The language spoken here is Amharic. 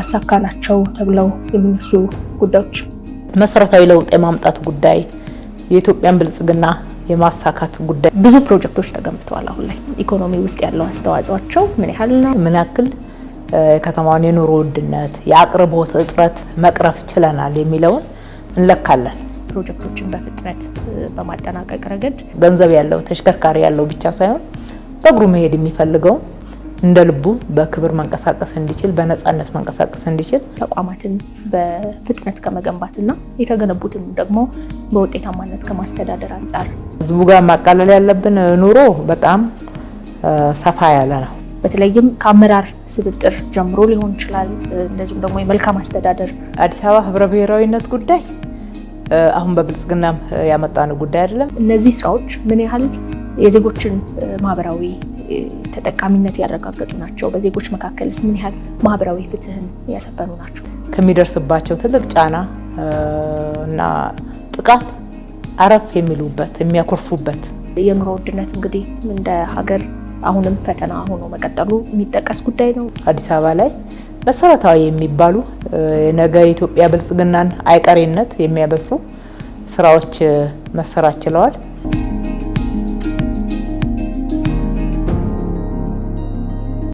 አሳካ ናቸው ተብለው የሚነሱ ጉዳዮች መሰረታዊ ለውጥ የማምጣት ጉዳይ፣ የኢትዮጵያን ብልጽግና የማሳካት ጉዳይ ብዙ ፕሮጀክቶች ተገንብተዋል። አሁን ላይ ኢኮኖሚ ውስጥ ያለው አስተዋጽኦቸው ምን ያህል ነው? ምን ያክል የከተማውን የኑሮ ውድነት፣ የአቅርቦት እጥረት መቅረፍ ችለናል የሚለውን እንለካለን። ፕሮጀክቶችን በፍጥነት በማጠናቀቅ ረገድ ገንዘብ ያለው ተሽከርካሪ ያለው ብቻ ሳይሆን በእግሩ መሄድ የሚፈልገው እንደ ልቡ በክብር መንቀሳቀስ እንዲችል በነፃነት መንቀሳቀስ እንዲችል ተቋማትን በፍጥነት ከመገንባትና የተገነቡትን ደግሞ በውጤታማነት ከማስተዳደር አንጻር ህዝቡ ጋር ማቃለል ያለብን ኑሮ በጣም ሰፋ ያለ ነው። በተለይም ከአመራር ስብጥር ጀምሮ ሊሆን ይችላል። እንደዚሁም ደግሞ የመልካም አስተዳደር አዲስ አበባ ህብረ ብሔራዊነት ጉዳይ አሁን በብልጽግናም ያመጣነው ጉዳይ አይደለም። እነዚህ ስራዎች ምን ያህል የዜጎችን ማህበራዊ ተጠቃሚነት ያረጋገጡ ናቸው? በዜጎች መካከልስ ምን ያህል ማህበራዊ ፍትህን ያሰፈኑ ናቸው? ከሚደርስባቸው ትልቅ ጫና እና ጥቃት አረፍ የሚሉበት የሚያኮርፉበት የኑሮ ውድነት እንግዲህ እንደ ሀገር አሁንም ፈተና ሆኖ መቀጠሉ የሚጠቀስ ጉዳይ ነው። አዲስ አበባ ላይ መሰረታዊ የሚባሉ ነገ የኢትዮጵያ ብልጽግናን አይቀሬነት የሚያበስሩ ስራዎች መሰራት ችለዋል።